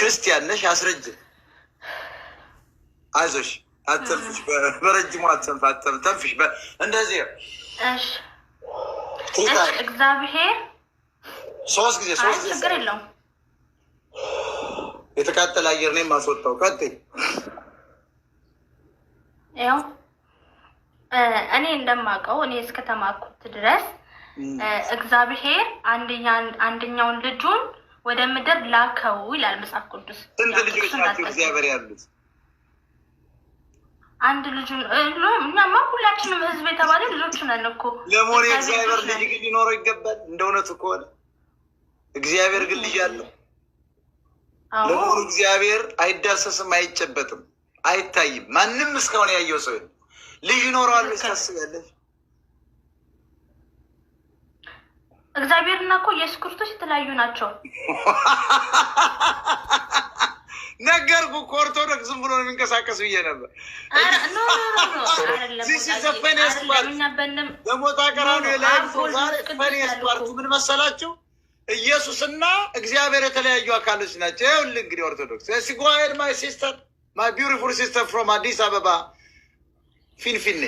ክርስቲያን ነሽ፣ አስረጅ። አይዞሽ፣ አትተንፍሽ፣ በረጅሙ ተንፍሽ እንደዚህ እግዚአብሔር ሶስት ጊዜ ሶስት ጊዜ ችግር የለውም። የተቃጠለ አየር ነው የማስወጣው። ቀጥይ። ያው እኔ እንደማውቀው እኔ እስከተማኩት ድረስ እግዚአብሔር አንደኛውን ልጁን ወደ ምድር ላከው ይላል መጽሐፍ ቅዱስ። ስንት ልጆች ናቸው እግዚአብሔር ያሉት? አንድ ልጁ እኛማ ሁላችንም ህዝብ የተባለ ልጆቹ ነን እኮ። ለመሆኑ የእግዚአብሔር ልጅ ግን ሊኖረው ይገባል እንደ እውነቱ ከሆነ እግዚአብሔር ግን ልጅ አለው። ለመሆኑ እግዚአብሔር አይዳሰስም፣ አይጨበጥም፣ አይታይም። ማንም እስካሁን ያየው ሰው ልጅ ይኖረዋል ታስባለች እግዚአብሔር እና እኮ ኢየሱስ ክርስቶስ የተለያዩ ናቸው። ነገርኩህ እኮ ኦርቶዶክስ ዝም ብሎ ነው የሚንቀሳቀስ ብዬ ነበር። በሞት ቀራንዮ ላይ ፓርቲ ምን መሰላችሁ? ኢየሱስና እግዚአብሔር የተለያዩ አካሎች ናቸው። ይኸውልህ እንግዲህ ኦርቶዶክስ ሲጓሄድ ማይ ሲስተር ማይ ቢዩቲፉል ሲስተር ፍሮም አዲስ አበባ ፊንፊኔ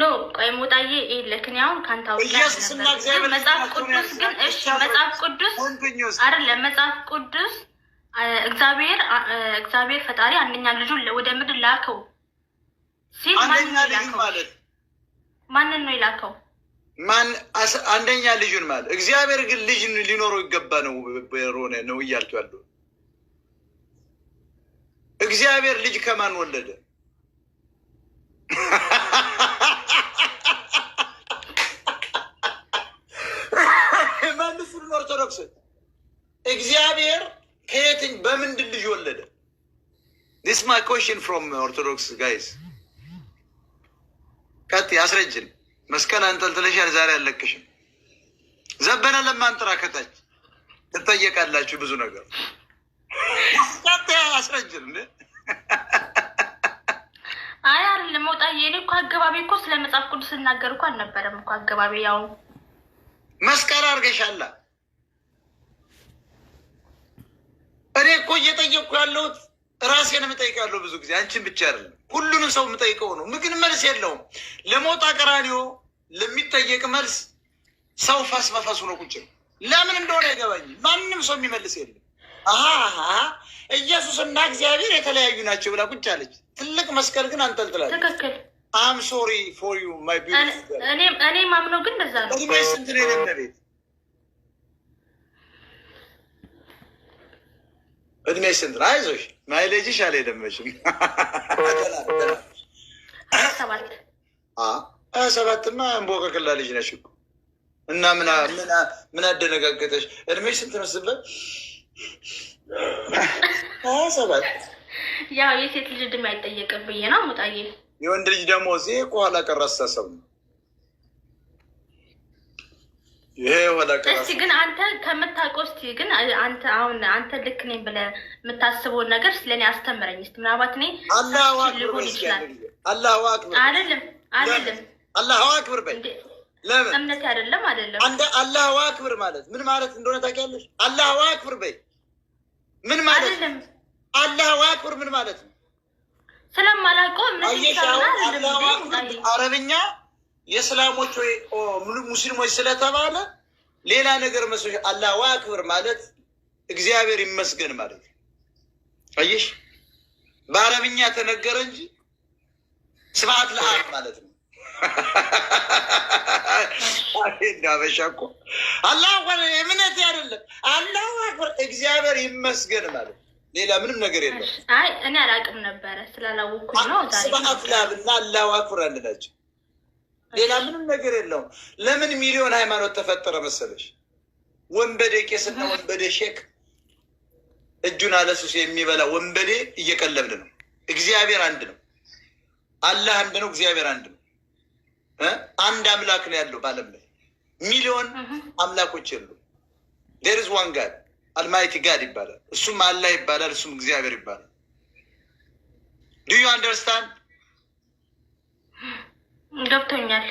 ኖ ቆይ ሞጣዬ ይልክን ያሁን ካንታው መጽሐፍ ቅዱስ ግን እሺ፣ መጽሐፍ ቅዱስ አይደለም። መጽሐፍ ቅዱስ እግዚአብሔር እግዚአብሔር ፈጣሪ አንደኛ ልጁን ወደ ምድር ላከው ሲል ማንን ነው የላከው? ማን አንደኛ ልጁን ማለት እግዚአብሔር ግን ልጅ ሊኖረው ይገባ ነው ሮነ ነው እያልኩ ያለው እግዚአብሔር ልጅ ከማን ወለደ? ዘጠኝ በምንድን ልጅ ወለደ? ዲስ ማይ ኮሽን ፍሮም ኦርቶዶክስ ጋይስ ቀጥ ያስረጅን መስቀል አንጠልጥለሻል፣ ዛሬ አለቅሽም። ዘበነ ለማንጥራ ከታች ትጠየቃላችሁ ብዙ ነገር። ቀጥ ያስረጅን አይ አይደለም ወጣ የኔ እኮ አገባቢ እኮ ስለ መጽሐፍ ቅዱስ ስናገር እኮ አልነበረም እኮ አገባቢ ያው መስቀል አድርገሻላ እኔ እኮ እየጠየቅኩ ያለሁት ራሴን የምጠይቀው ያለው ብዙ ጊዜ አንቺን ብቻ አይደለም፣ ሁሉንም ሰው የምጠይቀው ነው። ምግን መልስ የለውም። ለሞት አቀራኒዮ ለሚጠየቅ መልስ ሰው ፈስ መፈሱ ነው ቁጭ ነው። ለምን እንደሆነ አይገባኝም። ማንም ሰው የሚመልስ የለም። ኢየሱስ እና እግዚአብሔር የተለያዩ ናቸው ብላ ቁጭ አለች። ትልቅ መስቀል ግን አንጠልጥላለች። ትክክል። አም ሶሪ ፎር ዩ ማይ ቢ እኔ ማምነው ግን እንደዛ ነው። ስንት ነው የሌለ ቤት እድሜ ስንት ነው? አይዞሽ ማይሌጅሽ አልሄደም መቼም ሀያ ሰባትማ እንቦቀቅላ ልጅ ነሽ እኮ እና ምን አደነጋገጠሽ? እድሜ ስንት ነው ስበል ሀያ ሰባት ያው የሴት ልጅ እድሜ አይጠየቅም ብዬ ነው ሙጣዬ። የወንድ ልጅ ደግሞ እዚህ ከኋላ ቀር አስተሳሰብ ነው። እስቲ ግን አንተ ከምታውቀው እስቲ ግን አንተ አሁን አንተ ልክ ነኝ ብለህ የምታስበውን ነገር ስለኔ አስተምረኝ እስቲ። ምናልባት እኔ ልሆን ይችላል። አይደለም አላሁ አክብር በይ። ለምን እምነት አይደለም አይደለም። አንተ አላሁ አክብር ማለት ምን ማለት እንደሆነ ታውቂያለሽ? አላሁ አክብር በይ ምን ማለት አላሁ አክብር ምን ማለት ነው? ስለማላውቀው አረብኛ የእስላሞች ወይ ሙስሊሞች ስለተባለ ሌላ ነገር መስሎሽ አላሁ አክበር ማለት እግዚአብሔር ይመስገን ማለት ነው። አየሽ በአረብኛ ተነገረ እንጂ ስብሐት ለአብ ማለት ነው። እንዳበሻ እኮ አላሁ አክበር እምነት አይደለም፣ አላሁ አክበር እግዚአብሔር ይመስገን ማለት ሌላ ምንም ነገር የለም። አይ እኔ አላውቅም ነበረ ስላላወኩኝ ነው። ስብሐት ለአብ እና አላሁ አክበር አንድ ናቸው። ሌላ ምንም ነገር የለውም። ለምን ሚሊዮን ሃይማኖት ተፈጠረ መሰለሽ? ወንበዴ ቄስና ወንበዴ ሼክ እጁን አለሱስ የሚበላ ወንበዴ እየቀለብን ነው። እግዚአብሔር አንድ ነው። አላህ አንድ ነው። እግዚአብሔር አንድ ነው። አንድ አምላክ ነው ያለው በዓለም ላይ ሚሊዮን አምላኮች የሉ። ዴርዝ ዋን ጋድ አልማይቲ ጋድ ይባላል። እሱም አላህ ይባላል። እሱም እግዚአብሔር ይባላል። ዱ ዩ አንደርስታንድ ገብቶኛል።